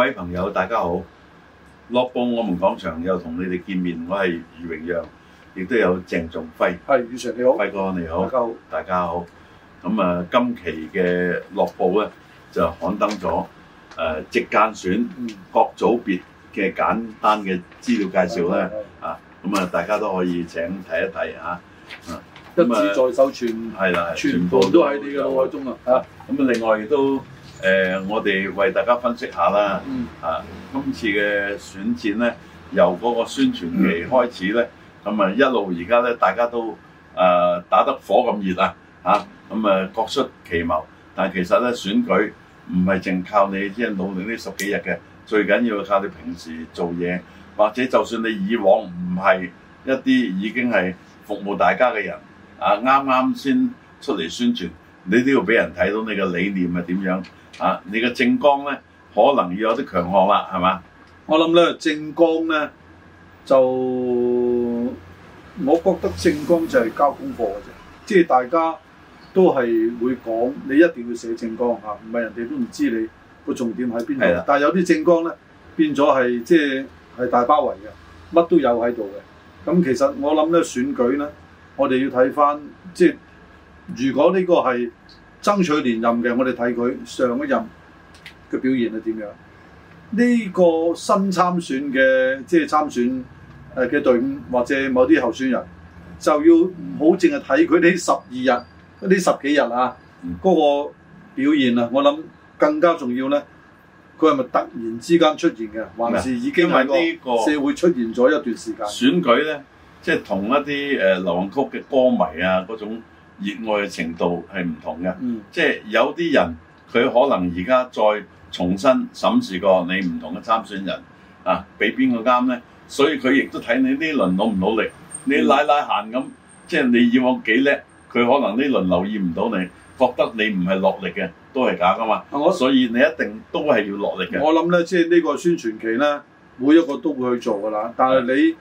各位朋友，大家好！樂報我們講場又同你哋見面，我係余榮陽，亦都有鄭仲輝。係，余常你好，輝哥你好，大家好。咁啊，今期嘅樂報咧就刊登咗誒、呃、直間選各組別嘅簡單嘅資料介紹咧啊，咁啊，大家都可以請睇一睇啊。今次再修串，係啦，啊，全部都喺你嘅腦海中啊！嚇，咁啊，另外亦都。誒、呃，我哋為大家分析下啦，啊，今次嘅選戰咧，由嗰個宣傳期開始咧，咁啊、嗯嗯、一路而家咧，大家都啊、呃、打得火咁熱啊，嚇、啊，咁啊各出奇謀，但係其實咧選舉唔係淨靠你即係努力呢十幾日嘅，最緊要靠你平時做嘢，或者就算你以往唔係一啲已經係服務大家嘅人，啊啱啱先出嚟宣傳，你都要俾人睇到你嘅理念係點樣。啊！你嘅政綱咧，可能要有啲強項啦，係嘛？我諗咧，政綱咧就，我覺得政綱就係交功課嘅啫，即係大家都係會講，你一定要寫政綱吓，唔係人哋都唔知你個重點喺邊度。的但係有啲政綱咧變咗係即係係大包圍嘅，乜都有喺度嘅。咁其實我諗咧選舉咧，我哋要睇翻，即係如果呢個係。爭取連任嘅，我哋睇佢上一任嘅表現係點樣？呢、這個新參選嘅即係參選誒嘅隊伍或者某啲候選人，就要唔好淨係睇佢哋十二日呢十幾日啊嗰、嗯、個表現啊。我諗更加重要咧，佢係咪突然之間出現嘅，還是已經喺呢個社會出現咗一段時間？選舉咧，即係同一啲誒、呃、流行曲嘅歌迷啊嗰種。熱愛嘅程度係唔同嘅，嗯、即係有啲人佢可能而家再重新審視個審視過你唔同嘅參選人啊，俾邊個啱呢？所以佢亦都睇你呢輪努唔努力，嗯、你瀨瀨閒咁，即係你以往幾叻，佢可能呢輪留意唔到你，覺得你唔係落力嘅，都係假噶嘛。我所以你一定都係要落力嘅。我諗咧諗呢，即係呢個宣傳期呢，每一個都會去做噶啦，但係你。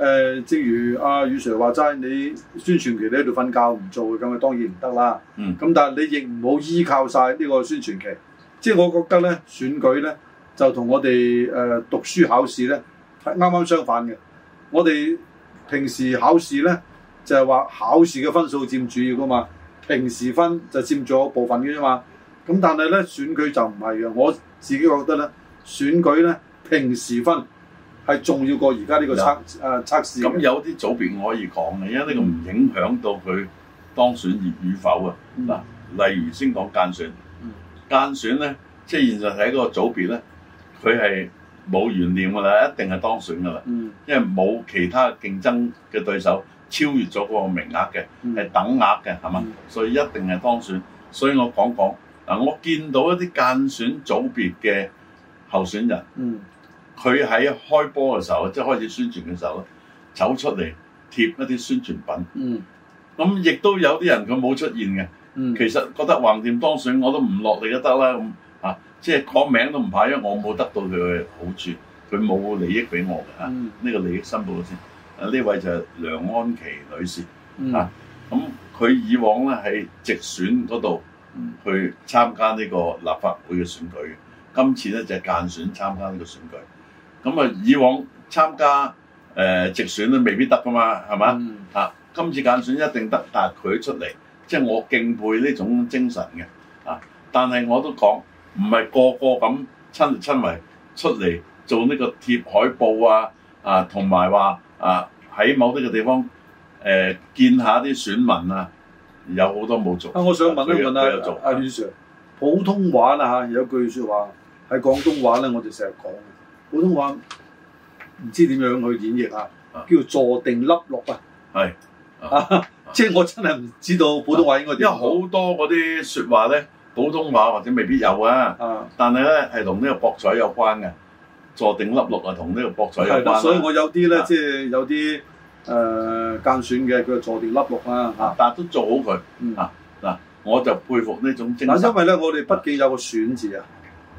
誒、呃，正如阿、啊、雨 Sir 話齋，你宣傳期你喺度瞓覺唔做嘅咁，咪當然唔得啦。咁、嗯、但係你亦唔好依靠晒呢個宣傳期。即係我覺得咧，選舉咧就同我哋誒、呃、讀書考試咧啱啱相反嘅。我哋平時考試咧就係、是、話考試嘅分數佔主要噶嘛，平時分就佔咗部分嘅啫嘛。咁但係咧選舉就唔係嘅，我自己覺得咧選舉咧平時分係重要過而家呢個測誒、嗯、測試。咁有啲組別我可以講嘅，嗯、因為呢個唔影響到佢當選而與否啊。嗱，嗯、例如先講間選，嗯、間選咧，即係現實喺個組別咧，佢係冇懸念㗎啦，一定係當選㗎啦。嗯、因為冇其他競爭嘅對手超越咗嗰個名額嘅，係、嗯、等額嘅係嘛，嗯、所以一定係當選。所以我講講嗱，我見到一啲間選組別嘅候選人。嗯嗯佢喺開波嘅時候，即係開始宣傳嘅時候咧，走出嚟貼一啲宣傳品。嗯，咁亦都有啲人佢冇出現嘅。嗯，其實覺得橫掂當選我都唔落嚟都得啦。咁啊，即係個名都唔怕，因為我冇得到佢嘅好處，佢冇利益畀我嘅啊。呢、嗯、個利益申報先。啊，呢位就係梁安琪女士。嗯，咁佢、啊、以往咧喺直選嗰度去參加呢個立法會嘅選舉，今次咧就係、是、間選參加呢個選舉。咁啊，以往參加誒直選咧，未必得噶嘛，係咪？嚇、嗯啊，今次間選，選一定得，但係佢出嚟，即、就、係、是、我敬佩呢種精神嘅。啊，但係我都講，唔係個個咁親力親為出嚟做呢個貼海報啊，啊，同埋話啊，喺某啲嘅地方誒、啊、見一下啲選民啊，有好多冇做。啊，我想問一問，一問啊，阿女士，普通話啊，嚇，有句説話喺廣東話咧，我哋成日講。普通話唔知點樣去演繹啊？叫做坐定粒六啊！係是 即係我真係唔知道普通話應該點。因為好多嗰啲説話咧，普通話或者未必有啊。啊但係咧係同呢個博彩有關嘅，坐定粒六啊，同呢個博彩有關。所以，我有啲咧，啊、即係有啲誒、呃、間選嘅，叫做坐定粒六啦、啊。嚇、啊！但係都做好佢。嗯。嗱、啊，我就佩服呢種精神。嗱，因為咧，我哋畢竟有個選字啊，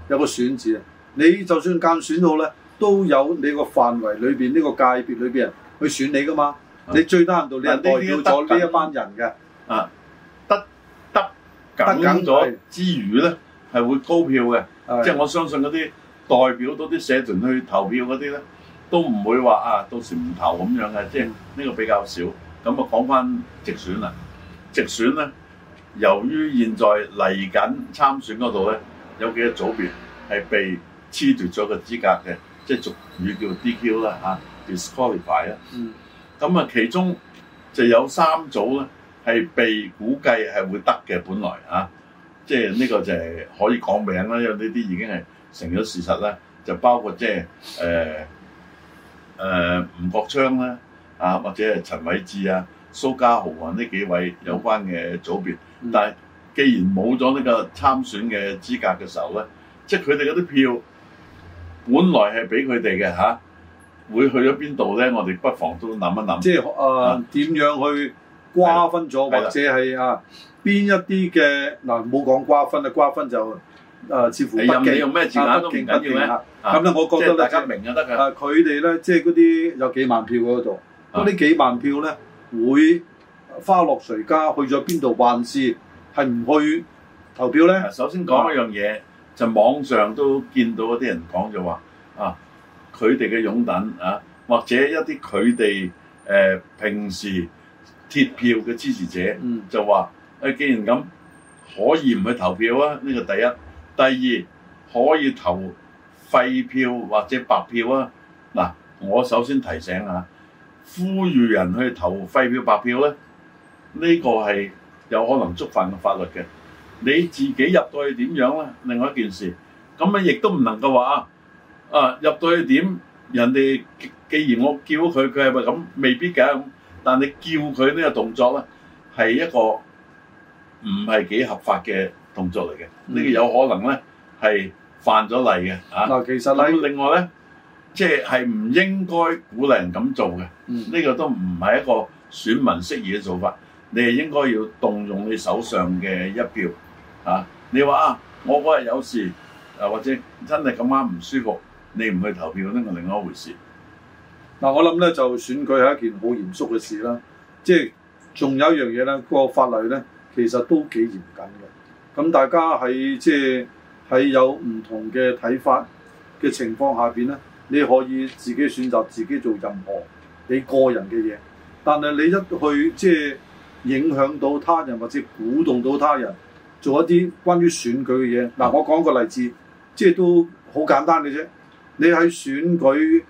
有個選字啊。你就算間選好咧，都有你個範圍裏邊呢個界別裏邊人去選你噶嘛？啊、你最低限度你係代表咗呢一班人嘅啊，得得緊咗之餘咧，係緊是會高票嘅，是即係我相信嗰啲代表到啲社團去投票嗰啲咧，都唔會話啊到時唔投咁樣嘅，即係呢個比較少。咁啊講翻直選啦，直選咧，由於現在嚟緊參選嗰度咧，有幾個組別係被。褫奪咗個資格嘅，即係俗語叫 DQ 啦嚇 disqualify 啦。嗯、咁啊，其中就有三組咧，係被估計係會得嘅，本來啊，即係呢個就係可以講名啦，因為呢啲已經係成咗事實啦。就包括即係誒誒吳國昌啦，啊或者係陳偉志啊、蘇家豪啊呢幾位有關嘅組別。嗯、但係既然冇咗呢個參選嘅資格嘅時候咧，即係佢哋嗰啲票。本來係俾佢哋嘅嚇，會去咗邊度咧？我哋不妨都諗一諗。即係誒點樣去瓜分咗，或者係啊邊一啲嘅嗱，冇講瓜分啦，瓜分就誒似乎不敬，用咩字眼都唔緊要咁咧，我覺得大家明就得㗎。誒佢哋咧，即係嗰啲有幾萬票喺度，嗰啲幾萬票咧會花落誰家？去咗邊度還是？係唔去投票咧？首先講一樣嘢。就網上都見到嗰啲人講就話啊，佢哋嘅擁躉啊，或者一啲佢哋誒平時鐵票嘅支持者，嗯、就話誒、哎，既然咁可以唔去投票啊？呢、這個第一，第二可以投廢票或者白票啊？嗱、啊，我首先提醒下、啊，呼籲人去投廢票、白票咧，呢、這個係有可能觸犯法律嘅。你自己入到去點樣咧？另外一件事，咁啊亦都唔能夠話啊入到去點，人哋既然我叫佢，佢係咪咁未必嘅咁？但你叫佢呢個動作咧，係一個唔係幾合法嘅動作嚟嘅，呢個、嗯、有可能咧係犯咗例嘅、嗯、啊。嗱，其實咁另外咧，即係係唔應該鼓勵人咁做嘅，呢、嗯、個都唔係一個選民適宜嘅做法。你係應該要動用你手上嘅一票。嚇、啊！你話啊，我嗰日有事、啊，或者真係咁啱唔舒服，你唔去投票咧，我另外一回事。嗱、啊，我諗咧就選舉係一件好嚴肅嘅事啦。即係仲有一樣嘢咧，個法例咧其實都幾嚴謹嘅。咁大家喺即係喺有唔同嘅睇法嘅情況下邊咧，你可以自己選擇自己做任何你個人嘅嘢。但係你一去即係、即係、影響到他人，或者鼓動到他人，做一啲關於選舉嘅嘢嗱，我講個例子，即係都好簡單嘅啫。你喺選舉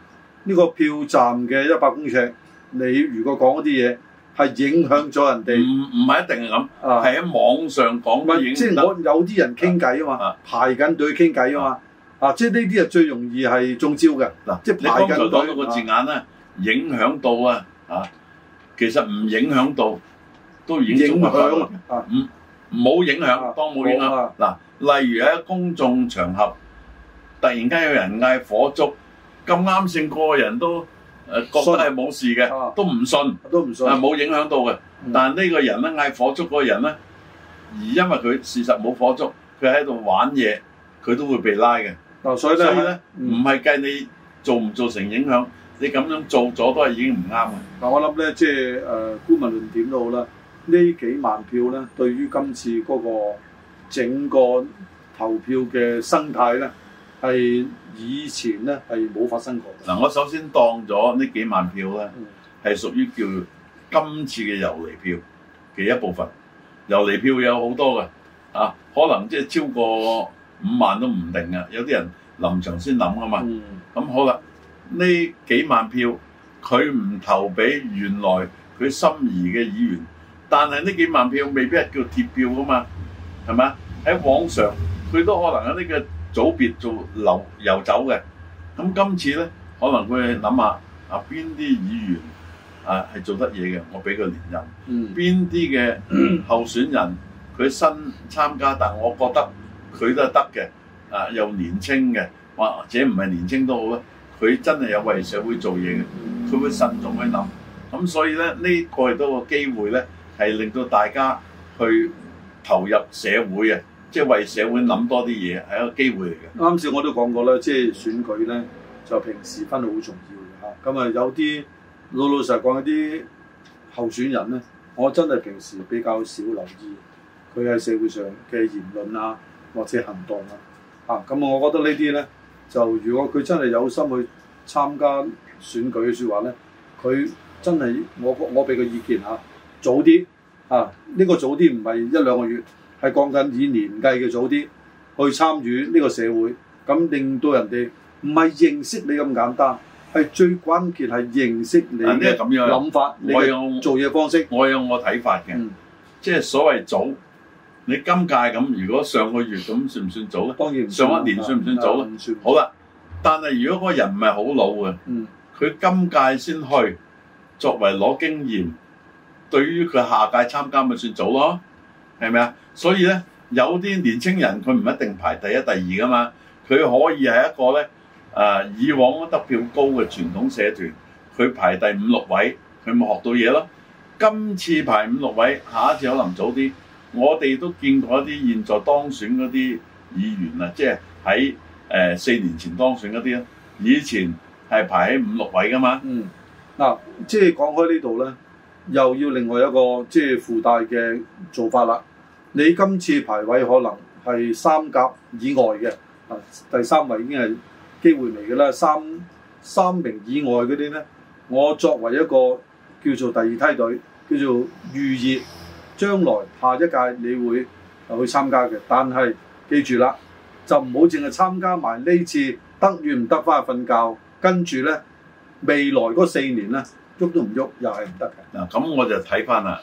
呢個票站嘅一百公尺，你如果講一啲嘢係影響咗人哋，唔唔，係一定係咁，係喺、啊、網上講乜影。即係我有啲人傾偈啊嘛，啊排緊隊傾偈啊嘛，啊，啊，即係呢啲啊係最容易係中招嘅嗱。即係排緊隊啊。嗰個字眼咧，啊啊、，影響到啊，嚇、啊，其實唔影響到都影響。影響啊，嗯。啊冇影響，當冇影響。嗱、啊，例如喺公眾場合，突然間有人嗌火燭，咁啱性個個人都誒覺得係冇事嘅，都唔信，都唔信，冇影響到嘅。但呢個人咧，嗌火燭嗰個人咧，而因為佢事實冇火燭，佢喺度玩嘢，佢都會被拉嘅。嗱、啊，所以咧，唔係計你做唔做成影響，你咁樣做咗都係已經唔啱嘅。嗱、嗯，但我諗咧，即係誒，公民論點都好啦。呃呃呃呃呃呃呢幾萬票咧，對於今次嗰個整個投票嘅生態咧，係以前咧係冇發生過。嗱，我首先當咗呢幾萬票咧，係屬於叫今次嘅遊離票嘅一部分。遊離票有好多嘅，啊，可能即係超過五萬都唔定啊！有啲人臨場先諗噶嘛。咁、嗯嗯、好啦，呢幾萬票佢唔投俾原來佢心儀嘅議員。但係呢幾萬票未必係叫鐵票噶嘛，係咪？喺網上佢都可能喺呢個組別做流遊走嘅。咁今次咧，可能佢去諗下啊，邊啲議員啊係做得嘢嘅，我俾佢連任。邊啲嘅候選人佢新參加，但我覺得佢都係得嘅。啊，又年青嘅，或者唔係年青都好啦。佢真係有為社會做嘢嘅，佢會慎重去諗。咁所以咧，呢個亦都個機會咧。係令到大家去投入社會啊，即係為社會諗多啲嘢係一個機會嚟嘅。啱先我都講過啦，即係選舉咧就平時分好重要嘅嚇。咁啊，有啲老老實實講，啲候選人咧，我真係平時比較少留意佢喺社會上嘅言論啊，或者行動啊。嚇啊，咁我覺得呢啲咧，就如果佢真係有心去參加選舉嘅説話咧，佢真係我，我俾個意見嚇。啊早啲啊！呢個早啲唔係一兩個月，係講緊以年計嘅早啲去參與呢個社會，咁令到人哋唔係認識你咁簡單，係最關鍵係認識你嘅諗法、我你嘅做嘢方式我。我有我睇法嘅，嗯、即係所謂早。你今屆咁，如果上個月咁算唔算早咧？當然唔算。上一年算唔算早？唔算。好啦，但係如果個人唔係好老嘅，嗯，佢今屆先去作為攞經驗。對於佢下屆參加咪算早咯，係咪啊？所以咧，有啲年青人佢唔一定排第一、第二噶嘛，佢可以係一個咧，誒、呃、以往得票高嘅傳統社團，佢排第五六位，佢咪學到嘢咯。今次排五六位，下一次可能早啲。我哋都見過一啲現在當選嗰啲議員啊，即係喺誒四年前當選嗰啲咯。以前係排喺五六位噶嘛。嗯。嗱，即係講開呢度咧。又要另外一個即係、就是、附帶嘅做法啦。你今次排位可能係三甲以外嘅，啊第三位已經係機會嚟嘅啦。三三名以外嗰啲呢，我作為一個叫做第二梯隊，叫做預熱，將來下一屆你會去參加嘅。但係記住啦，就唔好淨係參加埋呢次得與唔得翻去瞓覺，跟住呢，未來嗰四年呢。喐都唔喐，又係唔得嘅。嗱，咁我就睇翻啦。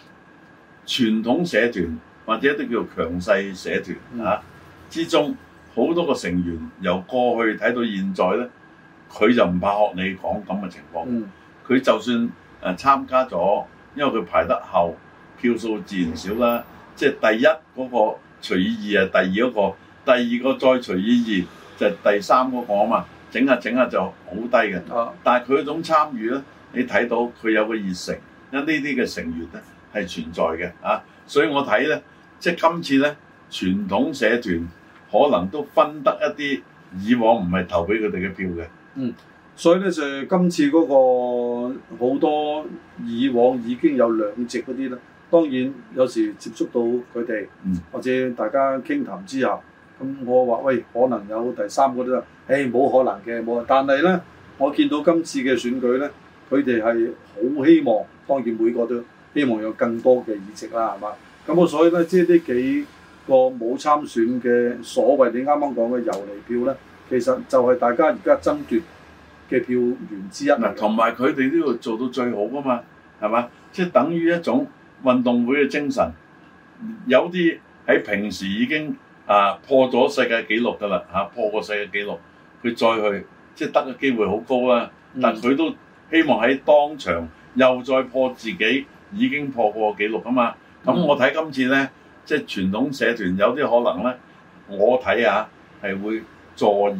傳統社團或者都叫強勢社團嚇、嗯啊、之中，好多個成員由過去睇到現在咧，佢就唔怕學你講咁嘅情況。佢、嗯、就算誒參加咗，因為佢排得後，票數自然少啦。即係、嗯、第一嗰、嗰個除以二啊，第二嗰個，第二個再除以二就係、第三嗰個啊嘛。整下整下就好低嘅。嗯、但係佢嗰種參與咧。你睇到佢有個熱誠，因呢啲嘅成員咧係存在嘅啊，所以我睇咧，即係今次咧，傳統社團可能都分得一啲以往唔係投俾佢哋嘅票嘅。嗯，所以咧就今次嗰、嗰個好多以往已經有兩席嗰啲啦。當然有時接觸到佢哋，嗯、或者大家傾談之後，咁我話喂，可能有第三個都得，哎、冇可能嘅、冇。但係咧，我見到今次嘅選舉咧。佢哋係好希望，當然每個都希望有更多嘅議席啦，係嘛？咁我所以咧，即係呢幾個冇參選嘅所謂你啱啱講嘅遊離票咧，其實就係大家而家爭奪嘅票源之一。嗱，同埋佢哋都要做到最好㗎嘛，係嘛？即係等於一種運動會嘅精神。有啲喺平時已經啊破咗世界紀錄㗎啦，嚇破過世界紀錄，佢再去即係得嘅機會好高啦，但佢都。希望喺當場又再破自己已經破過記錄啊嘛！咁我睇今次咧，嗯、即係傳統社團有啲可能咧，我睇下係會坐二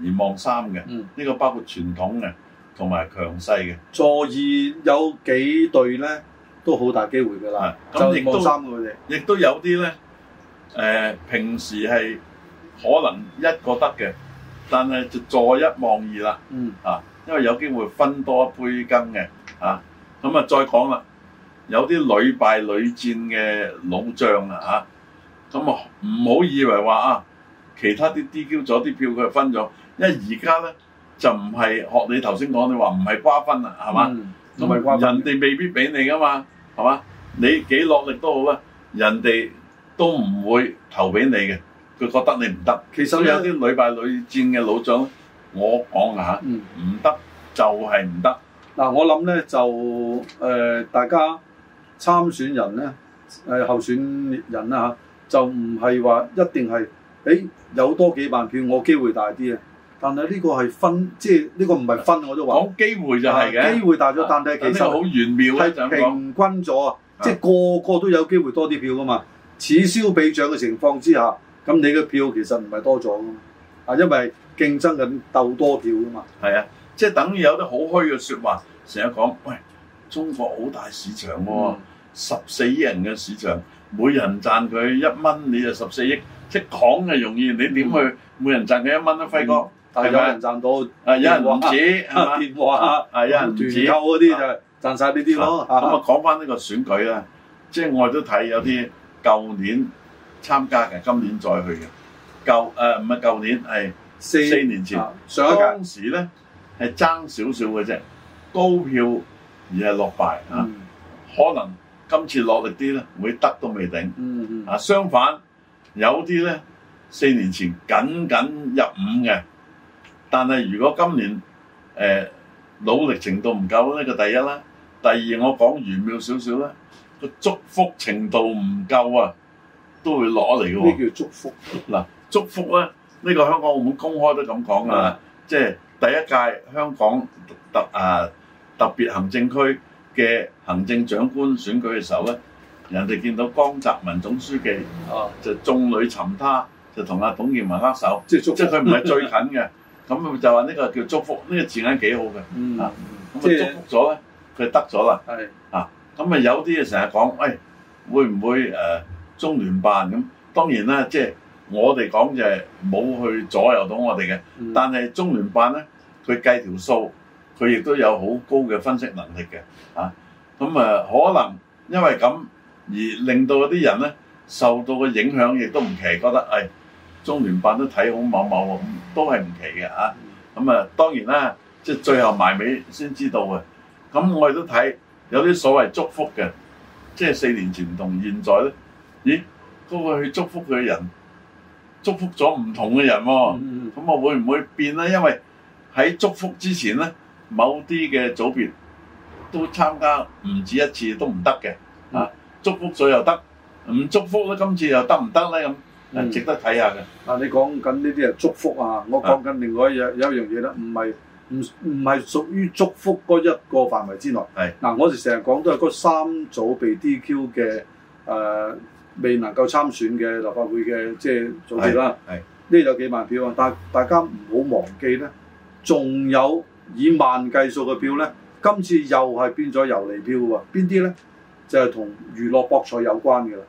而望三嘅。嗯，呢個包括傳統嘅同埋強勢嘅坐二有幾對咧，都好大機會㗎啦。咁亦、嗯、都望三嘅佢哋，亦都有啲咧。誒、呃，平時係可能一個得嘅，但係就坐一望二啦。嗯啊。因為有機會分多一杯羹嘅，啊、咁、嗯、啊再講啦，有啲屢敗屢戰嘅老將啊、吓、嗯，咁啊唔好以為話啊，其他啲 DQ 咗啲票佢分咗，因為而家咧就唔係學你頭先講，你話唔係瓜分啊，係、嗯、嘛，唔係瓜分，人哋未必俾你噶嘛，係嘛，你幾落力都好啊，人哋都唔會投俾你嘅，佢覺得你唔得，其實有啲屢敗屢戰嘅老將。我講嘅嚇，唔得就係唔得。嗱、嗯，我諗咧就誒、呃，大家參選人咧誒、呃、候選人啦、啊、嚇，就唔係話一定係誒有多幾萬票，我機會大啲啊。但係呢個係分，即係呢個唔係分，我都話。講機會就係嘅，機、啊、會大咗，啊、但係其實好玄妙、啊、平均咗，啊、即係個個都有機會多啲票噶嘛。此消彼長嘅情況之下，咁你嘅票其實唔係多咗。因為競爭緊鬥多票噶嘛，係啊，即係等於有啲好虛嘅説話，成日講，喂，中國好大市場喎，十四億人嘅市場，每人賺佢一蚊，你就十四億，即係講就容易，你點去每人賺佢一蚊啊？輝哥，但有人賺到？係有人獲賬，係有人唔止，有人唔止。夠嗰啲就賺晒呢啲咯。咁啊，講翻呢個選舉啦，即係我哋都睇有啲舊年參加嘅，今年再去嘅。舊，誒，唔係舊年，係四年前。上一屆當時咧係爭少少嘅啫，高票而係落敗嚇。可能今次落力啲咧，會得都未定。啊，相反有啲咧，四年前僅僅入圍嘅，但係如果今年誒努力程度唔夠咧，個第一啦。第二我講玄妙少少咧，個祝福程度唔夠啊，都會攞嚟嘅喎。咩叫祝福嗱？祝福咧、啊，呢、這個香港澳門公開都咁講啊，即係第一屆香港特啊特別行政區嘅行政長官選舉嘅時候咧，人哋見到江澤民總書記，就眾裏尋他，就同阿董建華握手，即係祝福， 即係佢唔係最近嘅，咁就話呢個叫祝福，呢、這個字眼幾好嘅，mm. 啊，咁祝福咗咧，佢得咗啦，的啊，咁啊有啲嘢成日講，喂、哎，會唔會誒、呃、中聯辦咁？當然啦、呃，即係。我哋講就係冇去左右到我哋嘅，但係中聯辦咧，佢計條數，佢亦都有好高嘅分析能力嘅，啊，咁啊，可能因為咁而令到嗰啲人咧受到嘅影響亦都唔奇，覺得誒、哎、中聯辦都睇好某某喎，都係唔奇嘅嚇。咁啊,啊，當然啦，即係最後埋尾先知道嘅。咁、啊、我哋都睇有啲所謂祝福嘅，即係四年前同現在咧，咦嗰個,個去祝福佢嘅人？祝福咗唔同嘅人喎，咁我、嗯、會唔會變咧？因為喺祝福之前咧，某啲嘅組別都參加唔止一次都唔得嘅，啊、嗯、祝福咗又得，唔祝福咧今次又得唔得咧？咁值得睇下嘅。嗱、嗯，你講緊呢啲係祝福啊，我講緊另外一嘢，是有一樣嘢啦，唔係唔唔係屬於祝福嗰一個範圍之內。係嗱是，我哋成日講都係嗰三組被 D Q 嘅誒。呃未能夠參選嘅立法會嘅即係組別啦，呢度有幾萬票啊！但係大家唔好忘記咧，仲有以萬計數嘅票咧，今次又係變咗遊離票喎。邊啲咧？就係、是、同娛樂博彩有關嘅啦。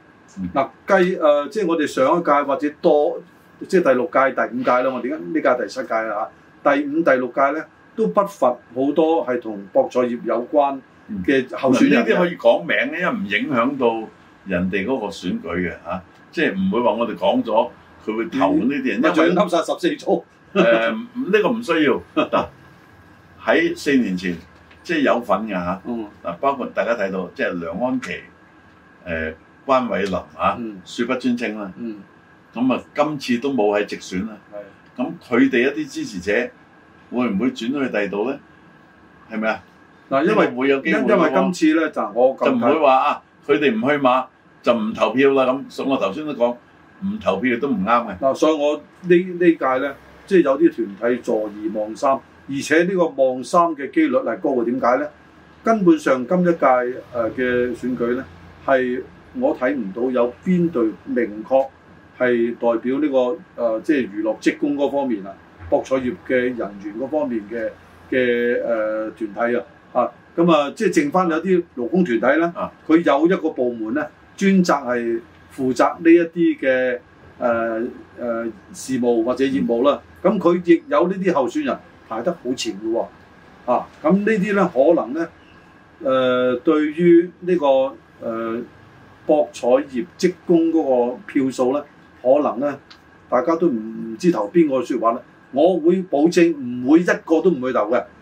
嗱、嗯，計誒、啊呃，即係我哋上一屆或者多，即係第六屆、第五屆啦。我哋而家呢屆第七屆啦。第五、第六屆咧，都不乏好多係同博彩業有關嘅候選人呢啲、嗯、可以講名咧，因為唔影響到。人哋嗰個選舉嘅嚇、啊，即係唔會話我哋講咗，佢會投呢啲人，一為要勾曬十四組。誒、 呃，呢、這個唔需要。嗱、啊，喺四年前，即係有份嘅嚇。嗱、啊，包括大家睇到，即係梁安琪、誒、呃、關偉林嚇，説、啊、不尊稱啦。咁啊，嗯嗯、今次都冇係直選啦。咁佢哋一啲支持者會唔會轉去第二度咧？係咪啊？嗱，因為會有會因為因為今次咧就我就唔會話啊。佢哋唔去馬就唔投票啦，咁所以我頭先都講唔投票都唔啱嘅。嗱，所以我呢呢屆呢，即係有啲團體坐而望三，而且呢個望三嘅機率係高嘅。點解呢？根本上今一屆誒嘅選舉呢，係我睇唔到有邊隊明確係代表呢個誒即係娛樂職工嗰方面啊，博彩業嘅人員嗰方面嘅嘅誒團體啊，嚇。咁啊，即係剩翻有啲勞工團體啦，佢有一個部門咧，專責係負責呢一啲嘅誒誒事務或者業務啦。咁佢亦有呢啲候選人排得好前嘅喎，啊，咁呢啲咧可能咧誒、呃、對於呢、這個誒、呃、博彩業職工嗰個票數咧，可能咧大家都唔知投邊個說話咧。我會保證唔會一個都唔會投嘅。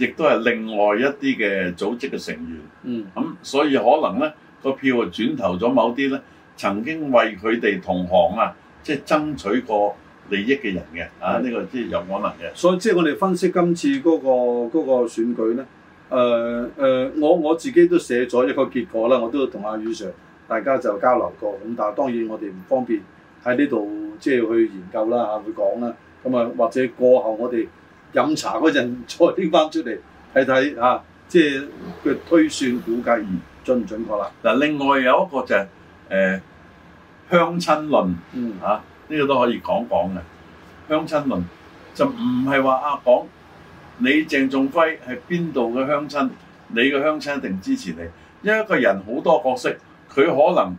亦都係另外一啲嘅組織嘅成員，咁、嗯嗯、所以可能咧個票轉投咗某啲咧曾經為佢哋同行啊，即係爭取過利益嘅人嘅，的啊呢、呢個即係有可能嘅。所以即係我哋分析今次嗰、嗰個嗰、嗰個選舉咧，誒、呃、誒、呃，我我自己都寫咗一個結果啦，我都同阿宇 Sir 大家就交流過，咁但係當然我哋唔方便喺呢度即係去研究啦嚇，去講啦，咁啊或者過後我哋。飲茶嗰陣再拎翻出嚟睇睇嚇，即係佢推算估計而準唔準確啦。嗱，另外有一個就係、是、誒、呃、鄉親論嚇，呢、嗯啊呢個都可以講講嘅。鄉親論就唔係話啊講你鄭仲輝係邊度嘅鄉親，你嘅鄉親一定支持你，因為一個人好多角色，佢可能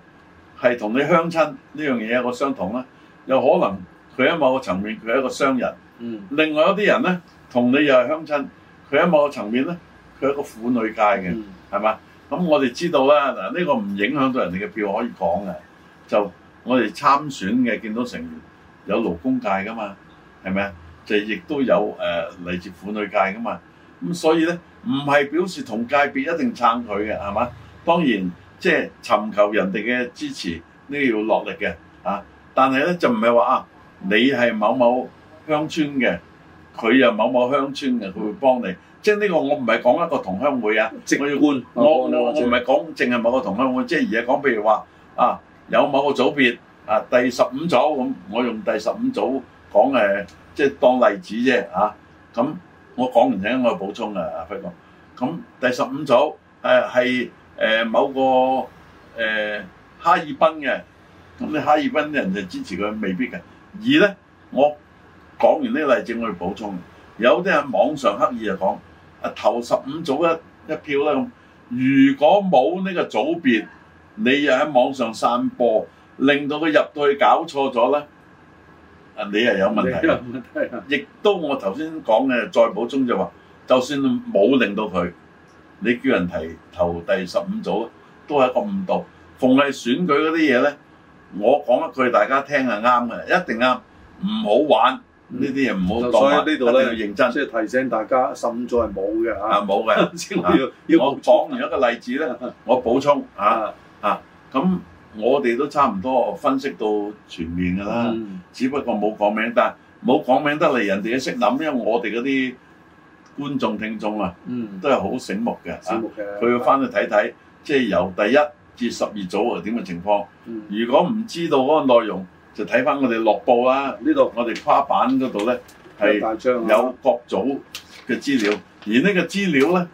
係同你鄉親呢樣嘢一個相同啦，有可能佢喺某個層面佢係一個商人。嗯、另外有啲人呢，同你又係鄉親，佢喺某個層面呢，佢係一個婦女界嘅，係嘛、嗯？咁我哋知道啦，嗱、這、呢個唔影響到人哋嘅票可以講嘅，就我哋參選嘅見到成員有勞工界噶嘛，係咪啊？就亦都有誒嚟、呃、自婦女界噶嘛，咁所以呢，唔係表示同界別一定撐佢嘅，係嘛？當然即係、就是、尋求人哋嘅支持呢，呢個、要落力嘅啊，但係呢，就唔係話啊，你係某某持人鄉村嘅，佢又某某鄉村嘅，佢會幫你。即係呢個，我唔係講一個同鄉會啊，即觀我要官，我唔係講淨係某個同鄉會，即係而係講，譬如話啊，有某個組別啊，第十五組咁，我用第十五組講誒、呃，即係當例子啫嚇。咁、啊、我講完請我補充啊，阿輝哥。咁第十五組誒係誒某個誒、呃、哈爾濱嘅，咁你哈爾濱人就支持佢未必嘅。而咧我。講完呢個例證，我要補充，有啲喺網上刻意就講，啊投十五組一一票啦咁。如果冇呢個組別，你又喺網上散播，令到佢入到去搞錯咗咧，啊你又有問題。亦都我頭先講嘅，再補充就話，就算冇令到佢，你叫人提投第十五組，都係一個誤導。逢係選舉嗰啲嘢咧，我講一句大家聽係啱嘅，一定啱，唔好玩。呢啲嘢唔好講，所以呢度咧要認真。即係提醒大家，甚至係冇嘅嚇。冇嘅。先要要講完一個例子啦。我補充啊啊，咁我哋都差唔多分析到全面㗎啦。只不過冇講名，但係冇講名得嚟，人哋都識諗，因為我哋嗰啲觀眾聽眾啊，嗯，都係好醒目嘅。醒目嘅。佢要翻去睇睇，即係由第一至十二組係點嘅情況。如果唔知道嗰個內容，就睇翻我哋樂報啦。呢度我哋跨版嗰度咧係有各組嘅資料，而呢個資料咧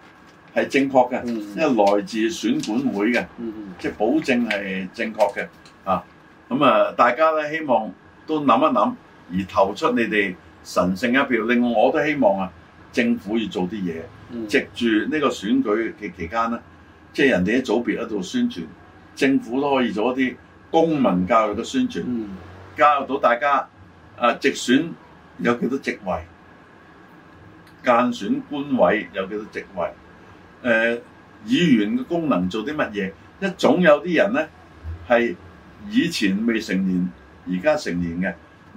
係正確嘅，嗯、因為來自選管會嘅，嗯、即係保證係正確嘅。啊，咁、嗯、啊，大家咧希望都諗一諗而投出你哋神聖一票。另外，我都希望啊，政府要做啲嘢，嗯、藉住呢個選舉嘅期間咧，即係人哋啲組別喺度宣傳，政府都可以做一啲公民教育嘅宣傳。嗯嗯教到大家，啊，直選有幾多席位？間選官位有幾多席位？誒、呃，議員嘅功能做啲乜嘢？一種有啲人咧係以前未成年，而家成年嘅。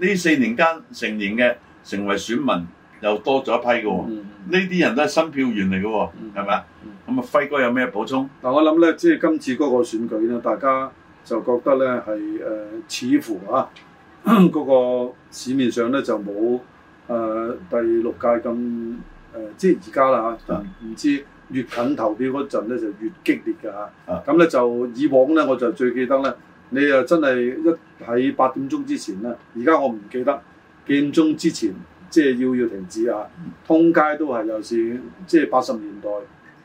呢四年間成年嘅成為選民又多咗一批嘅喎。呢啲、嗯、人都係新票員嚟嘅喎，係咪啊？咁啊，嗯、輝哥有咩補充？但我諗咧，即係今次嗰個選舉咧，大家就覺得咧係誒，似乎啊～嗰 個市面上咧就冇誒、呃、第六屆咁誒、呃，即係而家啦嚇，唔 Okay. 知越近投票嗰陣咧就越激烈嘅嚇、啊。咁咧 Okay. 就以往咧我就最記得咧，你誒真係一喺八點鐘之前咧，而家我唔記得，幾點鐘之前即係要要停止啊，通街都係又是有時，即係八十年代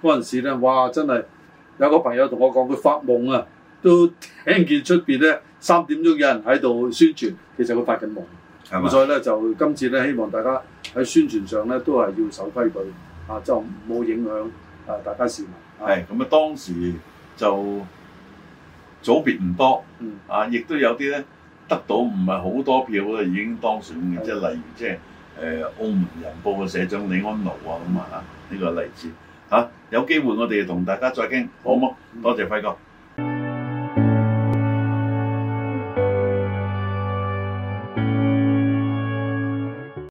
嗰陣時咧，哇，真係有個朋友同我講，佢發夢啊！都聽見出邊咧三點鐘有人喺度宣傳，其實佢發緊夢，咁吧所以咧就今次咧希望大家喺宣傳上咧都係要守規矩，啊就冇影響啊大家市民。係咁啊，當時就組別唔多，嗯、啊亦都有啲咧得到唔係好多票嘅已經當選嘅，即係、嗯、例如即係誒《澳門人報》嘅社長李安奴啊咁啊，呢、呢個例子嚇、啊。有機會我哋同大家再傾好唔好？嗯、多謝輝哥。